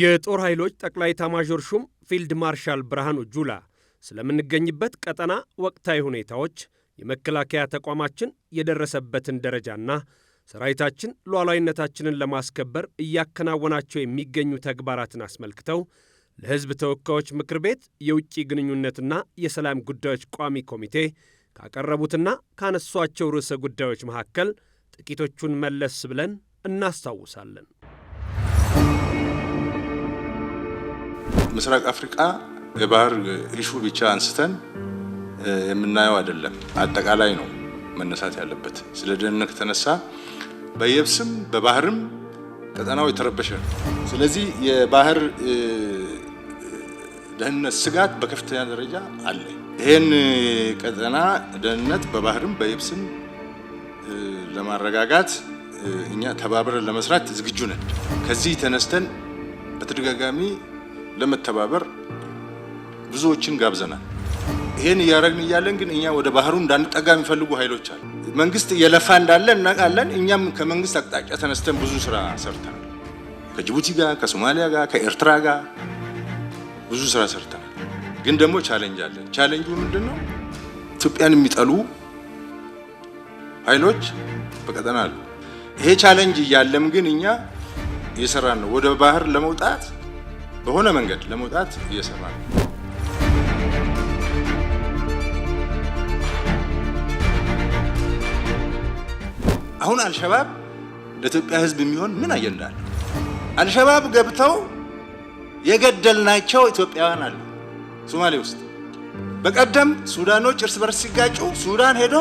የጦር ኃይሎች ጠቅላይ ኤታማዦር ሹም ፊልድ ማርሻል ብርሃኑ ጁላ ስለምንገኝበት ቀጠና ወቅታዊ ሁኔታዎች፣ የመከላከያ ተቋማችን የደረሰበትን ደረጃና ሰራዊታችን ሉዓላዊነታችንን ለማስከበር እያከናወናቸው የሚገኙ ተግባራትን አስመልክተው ለሕዝብ ተወካዮች ምክር ቤት የውጭ ግንኙነትና የሰላም ጉዳዮች ቋሚ ኮሚቴ ካቀረቡትና ካነሷቸው ርዕሰ ጉዳዮች መካከል ጥቂቶቹን መለስ ብለን እናስታውሳለን። ምስራቅ አፍሪካ የባህር ኢሹ ብቻ አንስተን የምናየው አይደለም። አጠቃላይ ነው መነሳት ያለበት። ስለ ደህንነት ከተነሳ በየብስም በባህርም ቀጠናው የተረበሸ ነው። ስለዚህ የባህር ደህንነት ስጋት በከፍተኛ ደረጃ አለ። ይህን ቀጠና ደህንነት በባህርም በየብስም ለማረጋጋት እኛ ተባብረን ለመስራት ዝግጁ ነን። ከዚህ ተነስተን በተደጋጋሚ ለመተባበር ብዙዎችን ጋብዘናል። ይህን እያደረግን እያለን ግን እኛ ወደ ባህሩ እንዳንጠጋ የሚፈልጉ ኃይሎች አሉ። መንግስት እየለፋ እንዳለ እናውቃለን። እኛም ከመንግስት አቅጣጫ ተነስተን ብዙ ስራ ሰርተናል። ከጅቡቲ ጋር፣ ከሶማሊያ ጋር፣ ከኤርትራ ጋር ብዙ ስራ ሰርተናል። ግን ደግሞ ቻሌንጅ አለን። ቻሌንጁ ምንድን ነው? ኢትዮጵያን የሚጠሉ ኃይሎች በቀጠና አሉ። ይሄ ቻሌንጅ እያለም ግን እኛ የሰራን ነው ወደ ባህር ለመውጣት በሆነ መንገድ ለመውጣት እየሰራ ነው። አሁን አልሸባብ ለኢትዮጵያ ሕዝብ የሚሆን ምን አጀንዳ አለ? አልሸባብ ገብተው የገደልናቸው ኢትዮጵያውያን አሉ ሶማሌ ውስጥ። በቀደም ሱዳኖች እርስ በርስ ሲጋጩ ሱዳን ሄዶ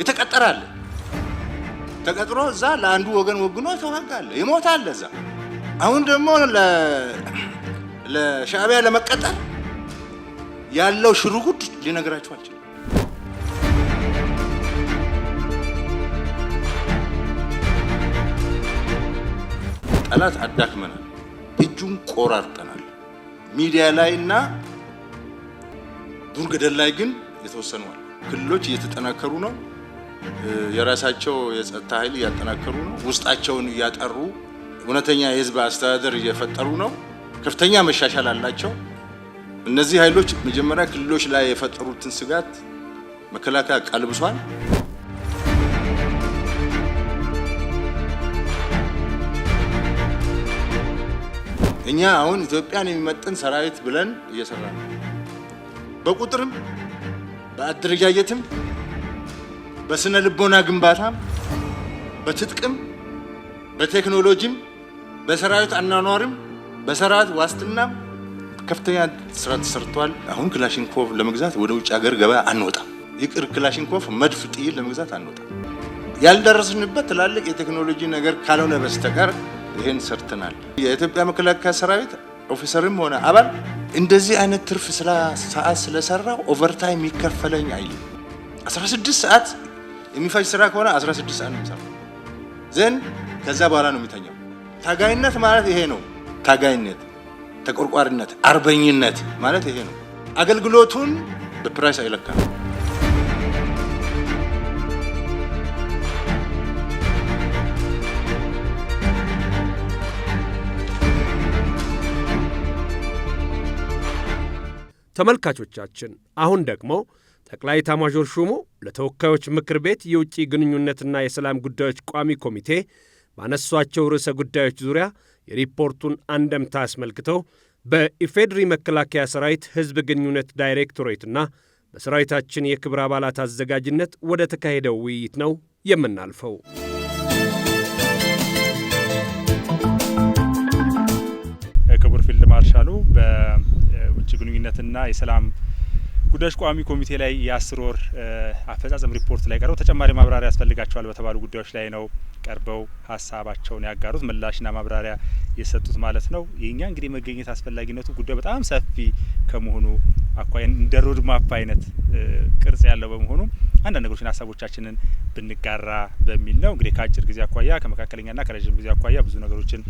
የተቀጠራለ ተቀጥሮ እዛ ለአንዱ ወገን ወግኖ ተዋጋለ ይሞታል እዛ አሁን ደግሞ ለሻዕቢያ ለመቀጠል ያለው ሽሩጉድ ሊነግራችሁ አልችልም። ጠላት አዳክመናል፣ እጁን ቆራርጠናል። ሚዲያ ላይ እና ዱር ገደል ላይ ግን የተወሰኗል። ክልሎች እየተጠናከሩ ነው። የራሳቸው የጸጥታ ኃይል እያጠናከሩ ነው። ውስጣቸውን እያጠሩ እውነተኛ የህዝብ አስተዳደር እየፈጠሩ ነው። ከፍተኛ መሻሻል አላቸው። እነዚህ ኃይሎች መጀመሪያ ክልሎች ላይ የፈጠሩትን ስጋት መከላከያ ቀልብሷል። እኛ አሁን ኢትዮጵያን የሚመጥን ሰራዊት ብለን እየሰራ ነው። በቁጥርም በአደረጃጀትም በስነ ልቦና ግንባታም በትጥቅም በቴክኖሎጂም በሰራዊት አናኗርም በሰራት ዋስትና ከፍተኛ ስራ ተሰርቷል። አሁን ክላሽንኮቭ ለመግዛት ወደ ውጭ ሀገር ገበያ አንወጣም። ይቅር ክላሽንኮቭ መድፍ፣ ጥይል ለመግዛት አንወጣም። ያልደረስንበት ትላልቅ የቴክኖሎጂ ነገር ካልሆነ በስተቀር ይህን ሰርተናል። የኢትዮጵያ መከላከያ ሰራዊት ኦፊሰርም ሆነ አባል እንደዚህ አይነት ትርፍ ስራ ሰዓት ስለሰራ ኦቨርታይም ይከፈለኝ አይል። 16 ሰዓት የሚፈጅ ስራ ከሆነ 16 ሰዓት ነው የሚሰራው። ዘን ከዛ በኋላ ነው የሚተኛው። ታጋይነት ማለት ይሄ ነው። ታጋይነት፣ ተቆርቋሪነት፣ አርበኝነት ማለት ይሄ ነው። አገልግሎቱን በፕራይስ አይለካም። ተመልካቾቻችን አሁን ደግሞ ጠቅላይ ኤታማዦር ሹሙ ለተወካዮች ምክር ቤት የውጭ ግንኙነትና የሰላም ጉዳዮች ቋሚ ኮሚቴ ባነሷቸው ርዕሰ ጉዳዮች ዙሪያ የሪፖርቱን አንደምታ አስመልክተው በኢፌድሪ መከላከያ ሰራዊት ሕዝብ ግንኙነት ዳይሬክቶሬትና በሰራዊታችን የክብር አባላት አዘጋጅነት ወደ ተካሄደው ውይይት ነው የምናልፈው። ክቡር ፊልድ ማርሻሉ በውጭ ግንኙነትና የሰላም ጉዳዮች ቋሚ ኮሚቴ ላይ የአስር ወር አፈጻጸም ሪፖርት ላይ ቀርበው ተጨማሪ ማብራሪያ ያስፈልጋቸዋል በተባሉ ጉዳዮች ላይ ነው ቀርበው ሀሳባቸውን ያጋሩት ምላሽና ማብራሪያ የሰጡት ማለት ነው። የእኛ እንግዲህ መገኘት አስፈላጊነቱ ጉዳዩ በጣም ሰፊ ከመሆኑ አኳያ እንደ ማፕ አይነት ቅርጽ ያለው በመሆኑ አንዳንድ ነገሮችን ሀሳቦቻችንን ብንጋራ በሚል ነው። እንግዲህ ከአጭር ጊዜ አኳያ ከመካከለኛና ከረዥም ጊዜ አኳያ ብዙ ነገሮችን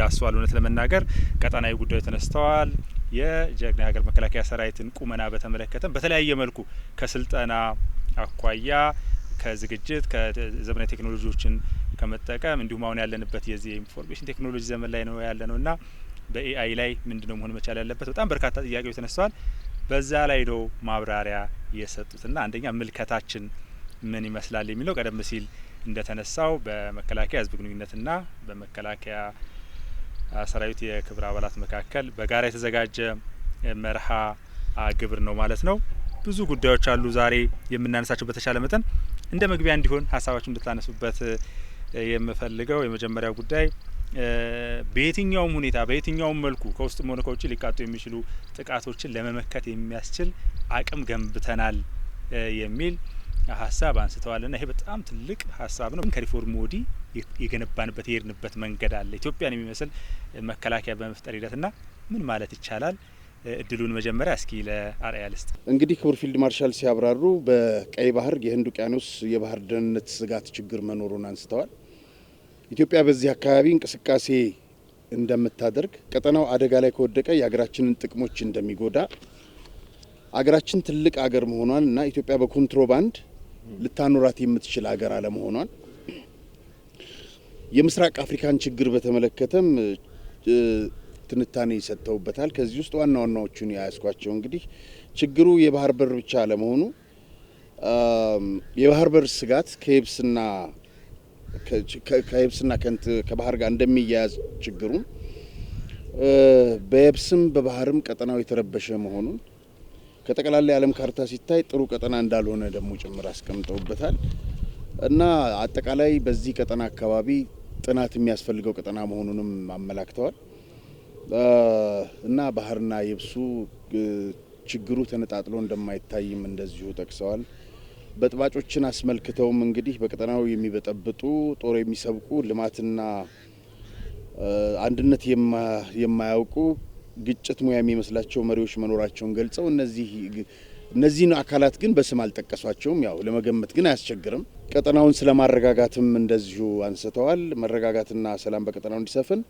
ዳስሷል። እውነት ለመናገር ቀጠናዊ ጉዳዮች ተነስተዋል። የጀግና የሀገር መከላከያ ሰራዊትን ቁመና በተመለከተም በተለያየ መልኩ ከስልጠና አኳያ ከዝግጅት ከዘመናዊ ቴክኖሎጂዎችን ከመጠቀም እንዲሁም አሁን ያለንበት የዚህ የኢንፎርሜሽን ቴክኖሎጂ ዘመን ላይ ነው ያለ ነው እና በኤአይ ላይ ምንድነው መሆን መቻል ያለበት በጣም በርካታ ጥያቄዎች ተነስተዋል። በዛ ላይ ነው ማብራሪያ የሰጡትና አንደኛ ምልከታችን ምን ይመስላል የሚለው ቀደም ሲል እንደተነሳው በመከላከያ ህዝብ ግንኙነትና በመከላከያ ሰራዊት የክብር አባላት መካከል በጋራ የተዘጋጀ መርሃ ግብር ነው ማለት ነው። ብዙ ጉዳዮች አሉ ዛሬ የምናነሳቸው። በተቻለ መጠን እንደ መግቢያ እንዲሆን ሀሳባችሁ እንድታነሱበት የምፈልገው የመጀመሪያው ጉዳይ በየትኛውም ሁኔታ በየትኛውም መልኩ ከውስጥም ሆነ ከውጭ ሊቃጡ የሚችሉ ጥቃቶችን ለመመከት የሚያስችል አቅም ገንብተናል የሚል ሀሳብ አንስተዋል ና ይሄ በጣም ትልቅ ሀሳብ ነው። ከሪፎርም ወዲህ የገነባንበት የሄድንበት መንገድ አለ። ኢትዮጵያን የሚመስል መከላከያ በመፍጠር ና ምን ማለት ይቻላል? እድሉን መጀመሪያ እስኪ ለአርአያ ልስጥ። እንግዲህ ክቡር ፊልድ ማርሻል ሲያብራሩ በቀይ ባህር የህንድ ውቅያኖስ የባህር ደህንነት ስጋት ችግር መኖሩን አንስተዋል። ኢትዮጵያ በዚህ አካባቢ እንቅስቃሴ እንደምታደርግ ቀጠናው አደጋ ላይ ከወደቀ የሀገራችንን ጥቅሞች እንደሚጎዳ አገራችን ትልቅ አገር መሆኗን እና ኢትዮጵያ በኮንትሮባንድ ልታኖራት የምትችል ሀገር አለመሆኗን የምስራቅ አፍሪካን ችግር በተመለከተም ትንታኔ ሰጥተውበታል። ከዚህ ውስጥ ዋና ዋናዎቹን የያዝኳቸው እንግዲህ ችግሩ የባህር በር ብቻ አለመሆኑ የባህር በር ስጋት ከየብስና ከንት ከባህር ጋር እንደሚያያዝ ችግሩም በየብስም በባህርም ቀጠናው የተረበሸ መሆኑን ከጠቅላላ የዓለም ካርታ ሲታይ ጥሩ ቀጠና እንዳልሆነ ደግሞ ጭምር አስቀምጠውበታል እና አጠቃላይ በዚህ ቀጠና አካባቢ ጥናት የሚያስፈልገው ቀጠና መሆኑንም አመላክተዋል እና ባህርና የብሱ ችግሩ ተነጣጥሎ እንደማይታይም እንደዚሁ ጠቅሰዋል። በጥባጮችን አስመልክተውም እንግዲህ በቀጠናው የሚበጠብጡ ጦር የሚሰብቁ ልማትና አንድነት የማያውቁ ግጭት ሙያ የሚመስላቸው መሪዎች መኖራቸውን ገልጸው እነዚህ እነዚህን አካላት ግን በስም አልጠቀሷቸውም። ያው ለመገመት ግን አያስቸግርም። ቀጠናውን ስለ ማረጋጋትም እንደዚሁ አንስተዋል። መረጋጋትና ሰላም በቀጠናው እንዲሰፍን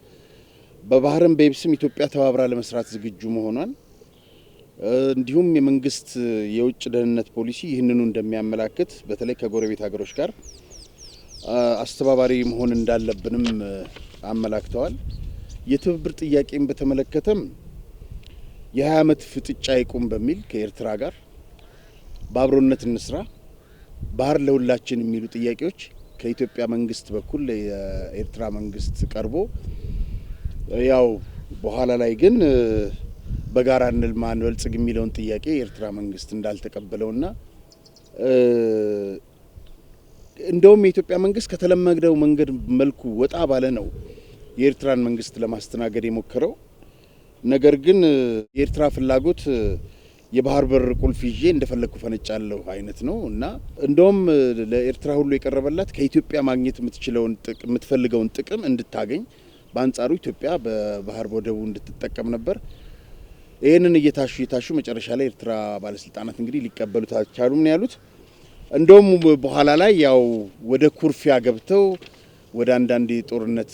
በባህርም በየብስም ኢትዮጵያ ተባብራ ለመስራት ዝግጁ መሆኗን እንዲሁም የመንግስት የውጭ ደህንነት ፖሊሲ ይህንኑ እንደሚያመላክት በተለይ ከጎረቤት ሀገሮች ጋር አስተባባሪ መሆን እንዳለብንም አመላክተዋል። የትብብር ጥያቄን በተመለከተም የ20 ዓመት ፍጥጫ ይቁም በሚል ከኤርትራ ጋር በአብሮነት እንስራ፣ ባህር ለሁላችን የሚሉ ጥያቄዎች ከኢትዮጵያ መንግስት በኩል የኤርትራ መንግስት ቀርቦ ያው በኋላ ላይ ግን በጋራ እንልማ እንበልጽግ የሚለውን ጥያቄ የኤርትራ መንግስት እንዳልተቀበለውና እንደውም የኢትዮጵያ መንግስት ከተለመደው መንገድ መልኩ ወጣ ባለ ነው የኤርትራን መንግስት ለማስተናገድ የሞከረው። ነገር ግን የኤርትራ ፍላጎት የባህር በር ቁልፍ ይዤ እንደፈለግኩ ፈነጫለሁ አይነት ነው እና እንደውም ለኤርትራ ሁሉ የቀረበላት ከኢትዮጵያ ማግኘት የምትችለውን ጥቅም የምትፈልገውን ጥቅም እንድታገኝ፣ በአንጻሩ ኢትዮጵያ በባህር ወደቡ እንድትጠቀም ነበር። ይህንን እየታሹ እየታሹ መጨረሻ ላይ ኤርትራ ባለስልጣናት እንግዲህ ሊቀበሉት አልቻሉም ነው ያሉት። እንደውም በኋላ ላይ ያው ወደ ኩርፊያ ገብተው ወደ አንዳንድ የጦርነት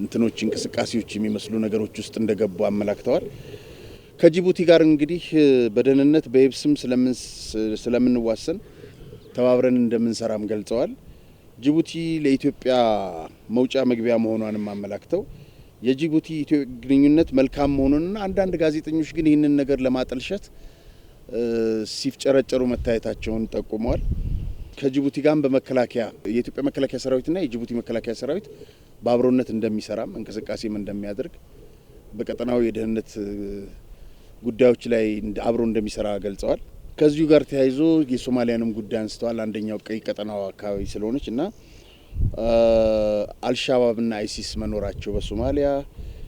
እንትኖች እንቅስቃሴዎች የሚመስሉ ነገሮች ውስጥ እንደገቡ አመላክተዋል። ከጅቡቲ ጋር እንግዲህ በደህንነት በየብስም ስለምንዋሰን ተባብረን እንደምንሰራም ገልጸዋል። ጅቡቲ ለኢትዮጵያ መውጫ መግቢያ መሆኗንም አመላክተው የጅቡቲ ግንኙነት መልካም መሆኑንና አንዳንድ ጋዜጠኞች ግን ይህንን ነገር ለማጠልሸት ሲፍጨረጨሩ መታየታቸውን ጠቁመዋል። ከጅቡቲ ጋርም በመከላከያ የኢትዮጵያ መከላከያ ሰራዊትና የጅቡቲ መከላከያ ሰራዊት በአብሮነት እንደሚሰራም እንቅስቃሴም እንደሚያደርግ በቀጠናው የደህንነት ጉዳዮች ላይ አብሮ እንደሚሰራ ገልጸዋል። ከዚሁ ጋር ተያይዞ የሶማሊያንም ጉዳይ አንስተዋል። አንደኛው ቀይ ቀጠናው አካባቢ ስለሆነች እና አልሻባብና አይሲስ መኖራቸው በሶማሊያ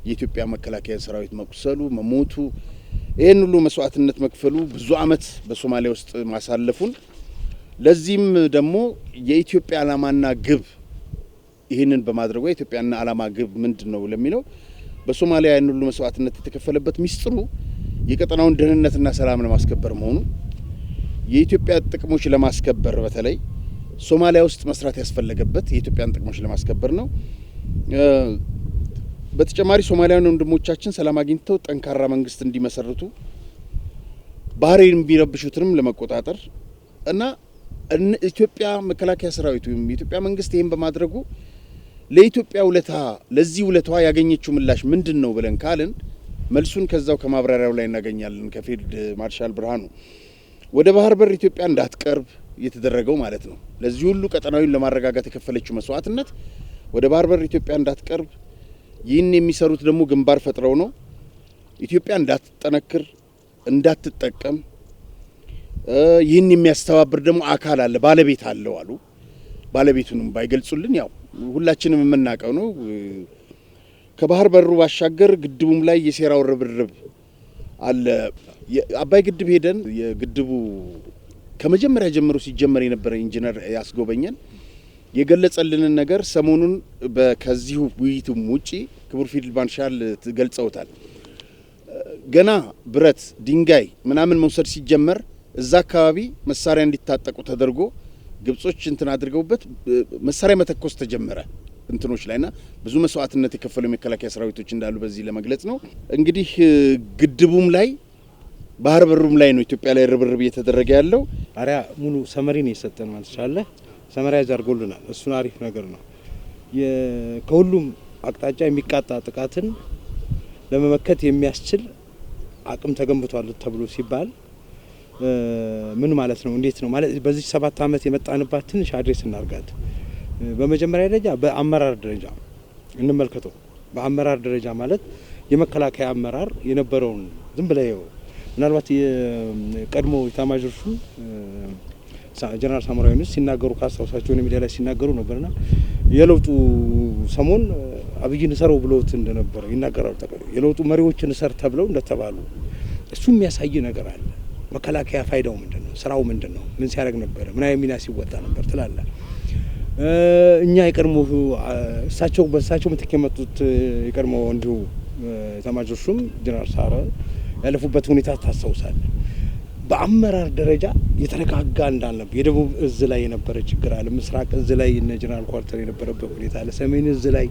የኢትዮጵያ መከላከያ ሰራዊት መቁሰሉ፣ መሞቱ፣ ይህን ሁሉ መስዋዕትነት መክፈሉ ብዙ አመት በሶማሊያ ውስጥ ማሳለፉን ለዚህም ደግሞ የኢትዮጵያ ዓላማና ግብ ይህንን በማድረጓ የኢትዮጵያና ዓላማ ግብ ምንድን ነው ለሚለው በሶማሊያ ያን ሁሉ መስዋዕትነት የተከፈለበት ሚስጥሩ የቀጠናውን ደህንነትና ሰላም ለማስከበር መሆኑ የኢትዮጵያ ጥቅሞች ለማስከበር በተለይ ሶማሊያ ውስጥ መስራት ያስፈለገበት የኢትዮጵያን ጥቅሞች ለማስከበር ነው። በተጨማሪ ሶማሊያን ወንድሞቻችን ሰላም አግኝተው ጠንካራ መንግስት እንዲመሰርቱ ባህሬን የሚረብሹትንም ለመቆጣጠር እና ኢትዮጵያ መከላከያ ሰራዊት ወይም የኢትዮጵያ መንግስት ይህን በማድረጉ ለኢትዮጵያ ውለታ ለዚህ ውለቷ ያገኘችው ምላሽ ምንድን ነው ብለን ካልን መልሱን ከዛው ከማብራሪያው ላይ እናገኛለን። ከፊልድ ማርሻል ብርሃኑ ወደ ባህር በር ኢትዮጵያ እንዳትቀርብ የተደረገው ማለት ነው። ለዚህ ሁሉ ቀጠናዊን ለማረጋጋት የከፈለችው መስዋዕትነት ወደ ባህር በር ኢትዮጵያ እንዳትቀርብ፣ ይህን የሚሰሩት ደግሞ ግንባር ፈጥረው ነው። ኢትዮጵያ እንዳትጠነክር፣ እንዳትጠቀም ይህን የሚያስተባብር ደግሞ አካል አለ፣ ባለቤት አለው አሉ። ባለቤቱንም ባይገልጹልን ያው ሁላችንም የምናውቀው ነው። ከባህር በሩ ባሻገር ግድቡም ላይ የሴራው ርብርብ አለ። አባይ ግድብ ሄደን የግድቡ ከመጀመሪያ ጀምሮ ሲጀመር የነበረ ኢንጂነር ያስጎበኘን የገለጸልንን ነገር ሰሞኑን ከዚሁ ውይይቱም ውጪ ክቡር ፊልድ ማርሻል ገልጸውታል። ገና ብረት ድንጋይ ምናምን መውሰድ ሲጀመር እዛ አካባቢ መሳሪያ እንዲታጠቁ ተደርጎ ግብጾች እንትን አድርገውበት መሳሪያ መተኮስ ተጀመረ እንትኖች ላይና ብዙ መስዋዕትነት የከፈሉ የመከላከያ ሰራዊቶች እንዳሉ በዚህ ለመግለጽ ነው። እንግዲህ ግድቡም ላይ ባህር በሩም ላይ ነው ኢትዮጵያ ላይ ርብርብ እየተደረገ ያለው። አሪያ ሙሉ ሰመሪን የሰጠን ማለት ቻለ ሰመራይዝ አድርጎልናል። እሱን አሪፍ ነገር ነው። ከሁሉም አቅጣጫ የሚቃጣ ጥቃትን ለመመከት የሚያስችል አቅም ተገንብቷል ተብሎ ሲባል ምን ማለት ነው? እንዴት ነው ማለት በዚህ ሰባት ዓመት የመጣንባት ትንሽ አድሬስ እናርጋት። በመጀመሪያ ደረጃ በአመራር ደረጃ እንመልከተው። በአመራር ደረጃ ማለት የመከላከያ አመራር የነበረውን ዝም ብለ ምናልባት የቀድሞ ኢታማዦር ሹም ጀነራል ሳሞራ ንስ ሲናገሩ ካስታውሳቸው ሚዲያ ላይ ሲናገሩ ነበርና የለውጡ ሰሞን አብይን እሰረው ብሎት እንደነበረ ይናገራሉ። የለውጡ መሪዎችን እሰር ተብለው እንደተባሉ እሱ የሚያሳይ ነገር አለ። መከላከያ ፋይዳው ምንድን ነው? ስራው ምንድን ነው? ምን ሲያደርግ ነበረ? ምን አይነት ሚና ሲወጣ ነበር ትላለ። እኛ የቀድሞ እሳቸው በእሳቸው ምትክ የመጡት የቀድሞ እንዲሁ ተማጆሹም ጀነራል ሳረ ያለፉበት ሁኔታ ታስታውሳለ። በአመራር ደረጃ የተረጋጋ እንዳልነበር የደቡብ እዝ ላይ የነበረ ችግር አለ። ምስራቅ እዝ ላይ እነ ጀነራል ኳርተር የነበረበት ሁኔታ አለ። ሰሜን እዝ ላይ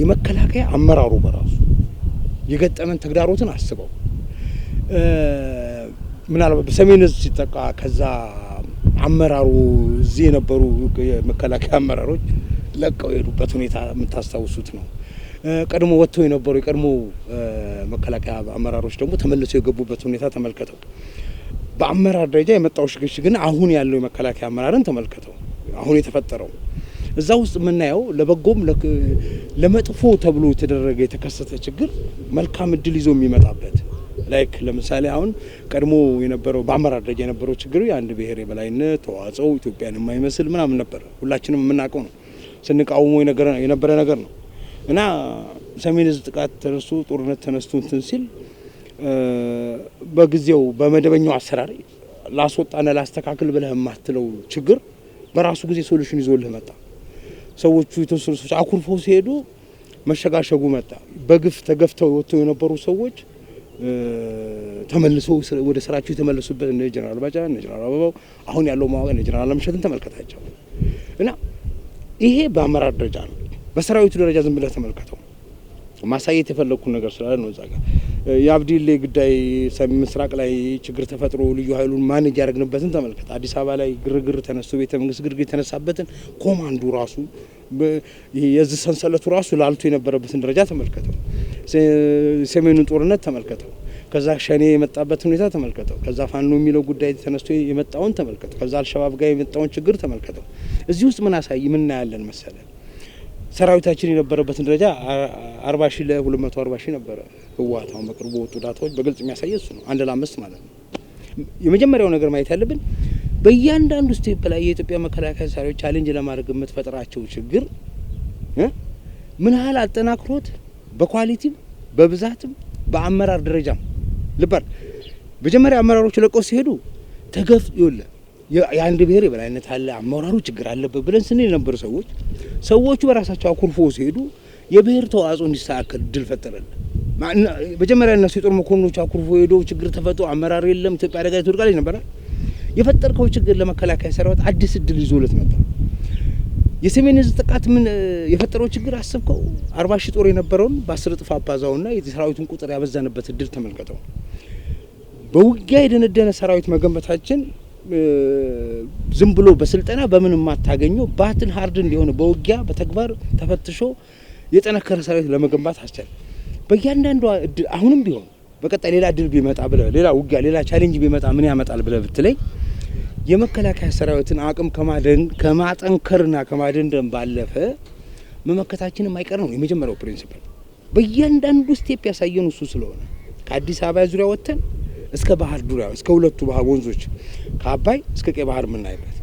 የመከላከያ አመራሩ በራሱ የገጠመን ተግዳሮትን አስበው ምናልባት በሰሜን እዝ ሲጠቃ ከዛ አመራሩ እዚህ የነበሩ የመከላከያ አመራሮች ለቀው የሄዱበት ሁኔታ የምታስታውሱት ነው። ቀድሞ ወጥተው የነበሩ የቀድሞ መከላከያ አመራሮች ደግሞ ተመልሰው የገቡበት ሁኔታ ተመልከተው። በአመራር ደረጃ የመጣው ግን አሁን ያለው የመከላከያ አመራርን ተመልከተው። አሁን የተፈጠረው እዛ ውስጥ የምናየው ለበጎም ለመጥፎ ተብሎ የተደረገ የተከሰተ ችግር መልካም እድል ይዞ የሚመጣበት ላይክ ለምሳሌ አሁን ቀድሞ የነበረው በአመራር ደረጃ የነበረው ችግሩ የአንድ ብሔር የበላይነት ተዋጽኦ ኢትዮጵያን የማይመስል ምናምን ነበረ። ሁላችንም የምናውቀው ነው፣ ስንቃውሞ የነበረ ነገር ነው እና ሰሜን እዝ ጥቃት ተነስቶ ጦርነት ተነስቶ እንትን ሲል በጊዜው በመደበኛው አሰራር ላስወጣነ ላስተካክል ብለህ የማትለው ችግር በራሱ ጊዜ ሶሉሽን ይዞልህ መጣ። ሰዎቹ የተወሰኑ ሰዎች አኩርፎ ሲሄዱ መሸጋሸጉ መጣ። በግፍ ተገፍተው ወጥተው የነበሩ ሰዎች ተመልሶ ወደ ስራቸው የተመለሱበት እነ ጀነራል ባጫ እነ ጀነራል አበባው አሁን ያለው ማወቅ እነ ጀነራል አምሸትን ተመልከታቸው እና ይሄ በአመራር ደረጃ ነው። በሰራዊቱ ደረጃ ዝም ብለህ ተመልከተው። ማሳየት የፈለግኩ ነገር ስላለ ነው። እዛ ጋር የአብዲሌ ጉዳይ ምስራቅ ላይ ችግር ተፈጥሮ ልዩ ኃይሉን ማኔጅ ያደረግንበትን ተመልከት። አዲስ አበባ ላይ ግርግር ተነስቶ ቤተ መንግስት ግርግር የተነሳበትን ኮማንዱ ራሱ የዚህ ሰንሰለቱ ራሱ ላልቶ የነበረበትን ደረጃ ተመልከተው። ሰሜኑን ጦርነት ተመልከተው። ከዛ ሸኔ የመጣበትን ሁኔታ ተመልከተው። ከዛ ፋኖ የሚለው ጉዳይ ተነስቶ የመጣውን ተመልከተው። ከዛ አልሸባብ ጋር የመጣውን ችግር ተመልከተው። እዚህ ውስጥ ምን አሳይ ምን እናያለን መሰለ ሰራዊታችን የነበረበትን ደረጃ 40 ሺህ ለ240 ሺ ነበረ። ህወሓት በቅርቡ ወጡ ዳታዎች በግልጽ የሚያሳየ እሱ ነው። አንድ ለአምስት ማለት ነው። የመጀመሪያው ነገር ማየት ያለብን በእያንዳንዱ ስቴፕ ላይ የኢትዮጵያ መከላከያ ሰራዊት ቻሌንጅ ለማድረግ የምትፈጥራቸው ችግር ምን ያህል አጠናክሮት በኳሊቲም በብዛትም በአመራር ደረጃም ልባል መጀመሪያ አመራሮች ለቀው ሲሄዱ ተገፍ ይወለ የአንድ ብሔር የበላይነት አለ፣ አመራሩ ችግር አለበት ብለን ስንል የነበሩ ሰዎች ሰዎቹ በራሳቸው አኩርፎ ሲሄዱ የብሔር ተዋጽኦ እንዲስተካከል ድል ፈጠረልን። መጀመሪያ እነሱ የጦር መኮንኖች አኩርፎ ሄዶ ችግር ተፈጥሮ አመራር የለም ኢትዮጵያ አደጋ ትወድቃለች ነበራል። የፈጠርከው ችግር ለመከላከያ ሰራዊት አዲስ እድል ይዞለት ነበር። የሰሜን ህዝብ ጥቃት ምን የፈጠረው ችግር አስብከው? አርባ ሺህ ጦር የነበረውን በአስር እጥፍ አባዛውና የሰራዊቱን ቁጥር ያበዛንበት እድል ተመልከተው። በውጊያ የደነደነ ሰራዊት መገንበታችን ዝም ብሎ በስልጠና በምን የማታገኘው ባትን ሀርድ እንዲሆነ በውጊያ በተግባር ተፈትሾ የጠነከረ ሰራዊት ለመገንባት አስቻለ። በእያንዳንዷ እድል አሁንም ቢሆን በቀጣይ ሌላ እድል ቢመጣ ብለ ሌላ ውጊያ ሌላ ቻሌንጅ ቢመጣ ምን ያመጣል ብለ ብትለኝ የመከላከያ ሰራዊትን አቅም ከማጠንከርና ከማደንደን ባለፈ መመከታችን የማይቀር ነው። የመጀመሪያው ፕሪንሲፕል በእያንዳንዱ ስቴፕ ያሳየን እሱ ስለሆነ ከአዲስ አበባ ዙሪያ ወጥተን እስከ ባህር ዱሪያ እስከ ሁለቱ ባህር ወንዞች ከአባይ እስከ ቀይ ባህር የምናይበት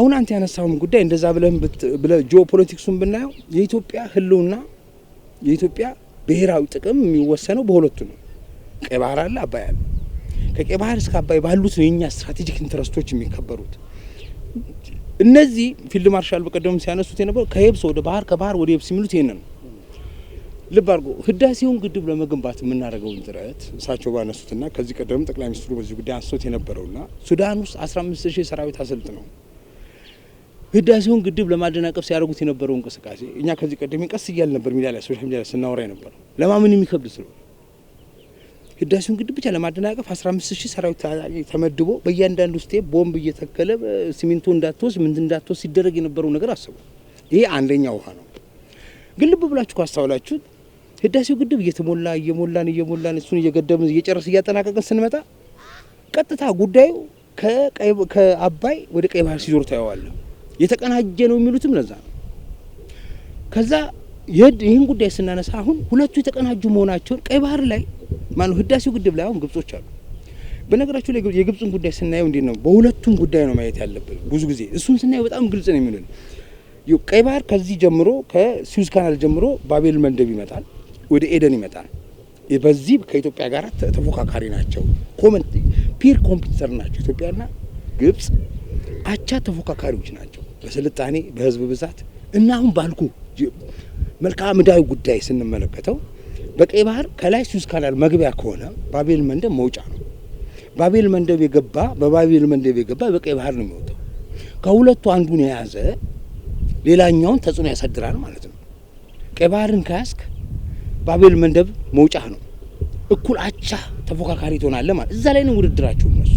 አሁን አንተ ያነሳውን ጉዳይ እንደዛ ብለን ብለ ጂኦፖለቲክሱን ብናየው የኢትዮጵያ ህልውና የኢትዮጵያ ብሔራዊ ጥቅም የሚወሰነው በሁለቱ ነው። ቀይ ባህር አለ፣ አባይ አለ። ከቀይ ባህር እስከ አባይ ባሉት ነው የኛ ስትራቴጂክ ኢንትረስቶች የሚከበሩት። እነዚህ ፊልድ ማርሻል በቀደም ሲያነሱት የነበረው ከየብስ ወደ ባህር ከባህር ወደ የብስ የሚሉት ይህንን ነው። ልብ አድርጎ ህዳሴውን ግድብ ለመገንባት የምናደርገውን ጥረት እሳቸው ባነሱትና ከዚህ ቀደም ጠቅላይ ሚኒስትሩ በዚህ ጉዳይ አንስቶት የነበረውና ሱዳን ውስጥ 15 ሺህ ሰራዊት ነው ህዳሴውን ግድብ ለማደናቀፍ ሲያደርጉት የነበረው እንቅስቃሴ እኛ ከዚህ ቀደም ቀስ እያል ነበር ሚዲያ ላይ ሶሻል ሚዲያ ላይ ስናወራ የነበረው ለማመን የሚከብድ ስለሆነ ህዳሴውን ግድብ ብቻ ለማደናቀፍ 15000 ሰራዊት ተመድቦ በእያንዳንዱ ስቴፕ ቦምብ እየተከለ ሲሚንቶ እንዳትወስድ ምንት እንዳትወስድ ሲደረግ የነበረው ነገር አስቡ። ይሄ አንደኛ ውሃ ነው። ግን ልብ ብላችሁ ካስተዋላችሁት ህዳሴው ግድብ እየተሞላ እየሞላን እየሞላን እሱን እየገደብ እየጨረስ እያጠናቀቅን ስንመጣ ቀጥታ ጉዳዩ ከአባይ ወደ ቀይ ባህር ሲዞር ታየዋለ። የተቀናጀ ነው የሚሉትም ለዛ ነው። ከዛ ይህን ጉዳይ ስናነሳ አሁን ሁለቱ የተቀናጁ መሆናቸውን ቀይ ባህር ላይ ማነው ህዳሴው ግድብ ላይ አሁን ግብጾች አሉ። በነገራችሁ ላይ የግብጽን ጉዳይ ስናየው እንዴት ነው? በሁለቱም ጉዳይ ነው ማየት ያለብን። ብዙ ጊዜ እሱን ስናየው በጣም ግልጽ ነው የሚሉን ቀይ ባህር ከዚህ ጀምሮ ከሲዩዝ ካናል ጀምሮ ባቤል መንደብ ይመጣል፣ ወደ ኤደን ይመጣል። በዚህ ከኢትዮጵያ ጋር ተፎካካሪ ናቸው። ኮመንት ፒር ኮምፒውተር ናቸው። ኢትዮጵያና ግብጽ አቻ ተፎካካሪዎች ናቸው፣ በስልጣኔ በህዝብ ብዛት እና አሁን ባልኩ መልክዓ ምድራዊ ጉዳይ ስንመለከተው በቀይ ባህር ከላይ ሱዝ ካናል መግቢያ ከሆነ ባቤል መንደብ መውጫ ነው። ባቤል መንደብ የገባ በባቤል መንደብ የገባ በቀይ ባህር ነው የሚወጣው። ከሁለቱ አንዱን የያዘ ሌላኛውን ተጽዕኖ ያሳድራል ማለት ነው። ቀይ ባህርን ከያዝክ ባቤል መንደብ መውጫ ነው። እኩል አቻ ተፎካካሪ ትሆናለህ ማለት እዛ ላይ ነው ውድድራቸው እነሱ።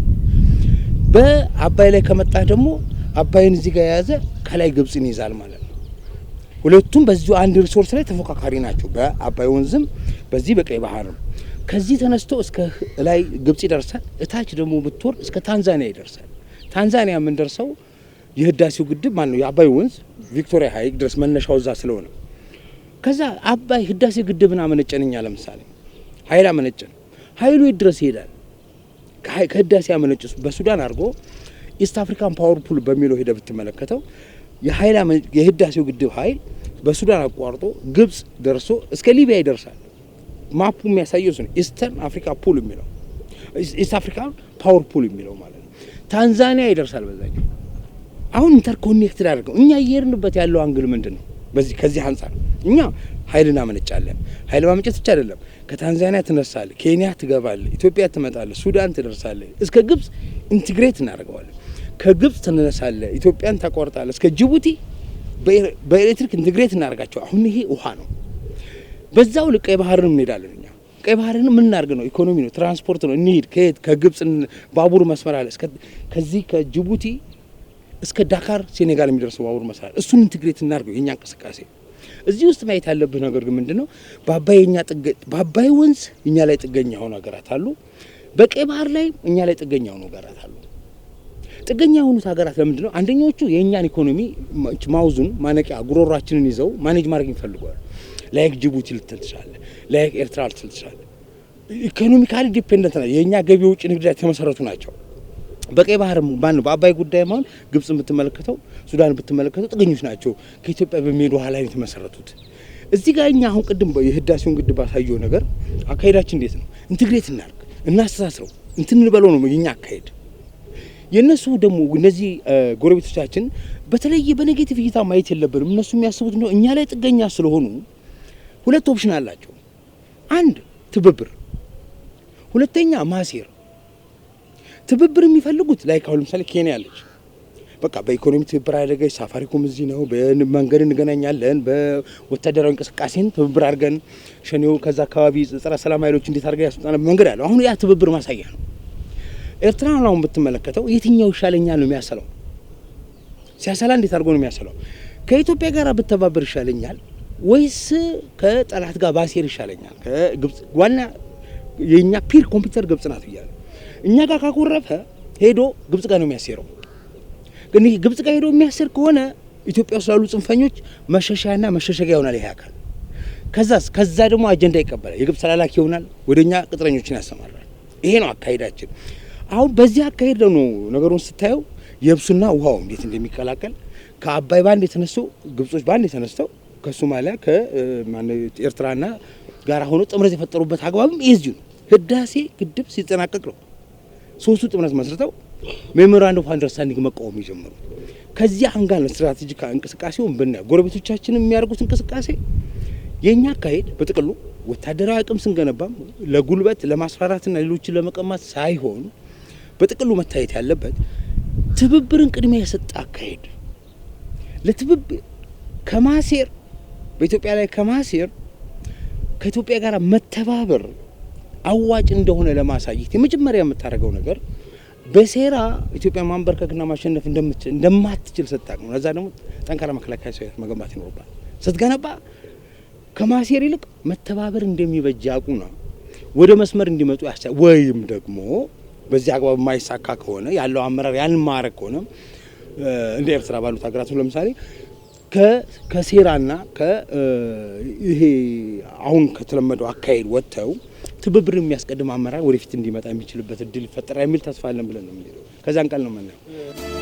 በአባይ ላይ ከመጣ ደግሞ አባይን እዚህ ጋር የያዘ ከላይ ግብፅን ይይዛል ማለት ሁለቱም በዚሁ አንድ ሪሶርስ ላይ ተፎካካሪ ናቸው። በአባይ ወንዝም በዚህ በቀይ ባህርም ከዚህ ተነስቶ እስከ ላይ ግብጽ ይደርሳል። እታች ደግሞ ብትወር እስከ ታንዛኒያ ይደርሳል። ታንዛኒያ የምንደርሰው የህዳሴው ግድብ ማነው ነው የአባይ ወንዝ ቪክቶሪያ ሀይቅ ድረስ መነሻው እዛ ስለሆነ ከዛ አባይ ህዳሴ ግድብን አመነጨንኛ ለምሳሌ ሀይል አመነጨን። ሀይሉ የት ድረስ ይሄዳል? ከህዳሴ አመነጭ በሱዳን አድርጎ ኢስት አፍሪካን ፓወር ፑል በሚለው ሄደ ብትመለከተው የኃይል የህዳሴው ግድብ ኃይል በሱዳን አቋርጦ ግብጽ ደርሶ እስከ ሊቢያ ይደርሳል። ማፑ የሚያሳየው ነው። ኢስተርን አፍሪካ ፑል የሚለው ኢስት አፍሪካን ፓወር ፑል የሚለው ማለት ነው። ታንዛኒያ ይደርሳል በዛኛው። አሁን ኢንተርኮኔክትድ አድርገው እኛ እየሄድንበት ያለው አንግል ምንድን ነው? በዚህ ከዚህ አንጻር እኛ ኃይል እናመነጫለን። ኃይል ማመንጨት ብቻ አይደለም። ከታንዛኒያ ትነሳለ፣ ኬንያ ትገባለ፣ ኢትዮጵያ ትመጣለ፣ ሱዳን ትደርሳለ፣ እስከ ግብጽ ኢንትግሬት እናደርገዋለን። ከግብጽ ትነሳለ፣ ኢትዮጵያን ታቋርጣለ፣ እስከ ጅቡቲ በኤሌክትሪክ ኢንትግሬት እናደርጋቸው። አሁን ይሄ ውሃ ነው። በዛው ልቅ ቀይ ባህርን እንሄዳለን እኛ። ቀይ ባህርን ምን እናርግ ነው? ኢኮኖሚ ነው፣ ትራንስፖርት ነው። እንሄድ ከየት ከግብጽ ባቡር መስመር አለ። ከዚህ ከጅቡቲ እስከ ዳካር ሴኔጋል የሚደርሰው ባቡር መስመር አለ። እሱን ኢንትግሬት እናርገው የእኛ እንቅስቃሴ እዚህ ውስጥ ማየት ያለብህ ነገር ግን ምንድነው? በአባይ በአባይ ወንዝ እኛ ላይ ጥገኛ የሆኑ ሀገራት አሉ። በቀይ ባህር ላይ እኛ ላይ ጥገኛ የሆኑ ሀገራት አሉ። ጥገኛ የሆኑት ሀገራት ለምንድን ነው? አንደኛዎቹ የእኛን ኢኮኖሚ ማውዙን ማነቂያ ጉሮሯችንን ይዘው ማኔጅ ማድረግ ይፈልገዋል። ላይክ ጅቡቲ ልትል ትችላለ፣ ላይክ ኤርትራ ልትል ትችላለ። ኢኮኖሚካሊ ዲፔንደንት ናቸው። የእኛ ገቢ ውጭ ንግድ ላይ የተመሰረቱ ናቸው። በቀይ ባህር ማን ነው በአባይ ጉዳይ ማሆን ግብጽን ብትመለከተው ሱዳን ብትመለከተው ጥገኞች ናቸው። ከኢትዮጵያ በሚሄዱ ውሃ ላይ የተመሰረቱት እዚህ ጋር እኛ አሁን ቅድም የህዳሴውን ግድብ ባሳየው ነገር አካሄዳችን እንዴት ነው? ኢንትግሬት እናርግ፣ እናስተሳስረው፣ እንትን እንበለው ነው የኛ አካሄድ። የእነሱ ደግሞ እነዚህ ጎረቤቶቻችን በተለየ በኔጌቲቭ እይታ ማየት የለብንም። እነሱ የሚያስቡት ነው እኛ ላይ ጥገኛ ስለሆኑ ሁለት ኦፕሽን አላቸው። አንድ ትብብር፣ ሁለተኛ ማሴር። ትብብር የሚፈልጉት ላይክ አሁን ለምሳሌ ኬንያ አለች። በቃ በኢኮኖሚ ትብብር አደረገች። ሳፋሪኮም እዚህ ነው። በመንገድ እንገናኛለን። በወታደራዊ እንቅስቃሴን ትብብር አድርገን ሸኔው ከዛ አካባቢ ጸረ ሰላም ኃይሎች እንዴት አድርገን ያስወጣናል መንገድ አለው። አሁን ያ ትብብር ማሳያ ነው። ኤርትራ አሁን ብትመለከተው የትኛው ይሻለኛል ነው የሚያሰለው። ሲያሰላ እንዴት አድርጎ ነው የሚያሰለው? ከኢትዮጵያ ጋር ብተባበር ይሻለኛል ወይስ ከጠላት ጋር ባሴር ይሻለኛል? ከግብጽ ዋና የእኛ ፒር ኮምፒውተር ግብጽ ናት ብያለሁ። እኛ ጋር ካኮረፈ ሄዶ ግብጽ ጋር ነው የሚያሴረው። ግን ግብጽ ጋር ሄዶ የሚያስር ከሆነ ኢትዮጵያ ውስጥ ላሉ ጽንፈኞች መሸሻያና መሸሸጊያ ይሆናል ይሄ አካል። ከዛስ ከዛ ደግሞ አጀንዳ ይቀበላል። የግብጽ ተላላኪ ይሆናል። ወደኛ ቅጥረኞችን ያሰማራል። ይሄ ነው አካሄዳችን። አሁን በዚህ አካሄድ ነው ነገሩን ስታየው የብሱና ውሃው እንዴት እንደሚቀላቀል ከአባይ ባንድ የተነሱ ግብጾች ባንድ የተነስተው ከሶማሊያ ከኤርትራና ጋራ ሆኖ ጥምረት የፈጠሩበት አግባብም የዚሁ ነው። ህዳሴ ግድብ ሲጠናቀቅ ነው ሶስቱ ጥምረት መስርተው ሜሞራንድ ኦፍ አንደርስታንዲንግ መቃወም የጀመሩ። ከዚህ አንጋል ነው ስትራቴጂካ እንቅስቃሴውን ብናየው ጎረቤቶቻችን የሚያደርጉት እንቅስቃሴ የእኛ አካሄድ በጥቅሉ ወታደራዊ አቅም ስንገነባም ለጉልበት ለማስፈራራትና ሌሎችን ለመቀማት ሳይሆን በጥቅሉ መታየት ያለበት ትብብርን ቅድሚያ የሰጠ አካሄድ ለትብብር ከማሴር በኢትዮጵያ ላይ ከማሴር ከኢትዮጵያ ጋር መተባበር አዋጭ እንደሆነ ለማሳየት የመጀመሪያ የምታደርገው ነገር በሴራ ኢትዮጵያ ማንበርከክና ማሸነፍ እንደማትችል ስታቅ ነው። ለዛ ደግሞ ጠንካራ መከላከያ ሰራዊት መገንባት ይኖርባል። ስትገነባ ከማሴር ይልቅ መተባበር እንደሚበጅ ነው ወደ መስመር እንዲመጡ ያሳ ወይም ደግሞ በዚህ አግባብ የማይሳካ ከሆነ ያለው አመራር ያን ከሆነ እንደ ኤርትራ ባሉት ሀገራት ለምሳሌ ከሴራና ይሄ አሁን ከተለመደው አካሄድ ወጥተው ትብብር የሚያስቀድም አመራር ወደፊት እንዲመጣ የሚችልበት እድል ይፈጠራል የሚል ተስፋ አለን ብለን ነው የምንሄደው። ከዚያን ነው የምናየው።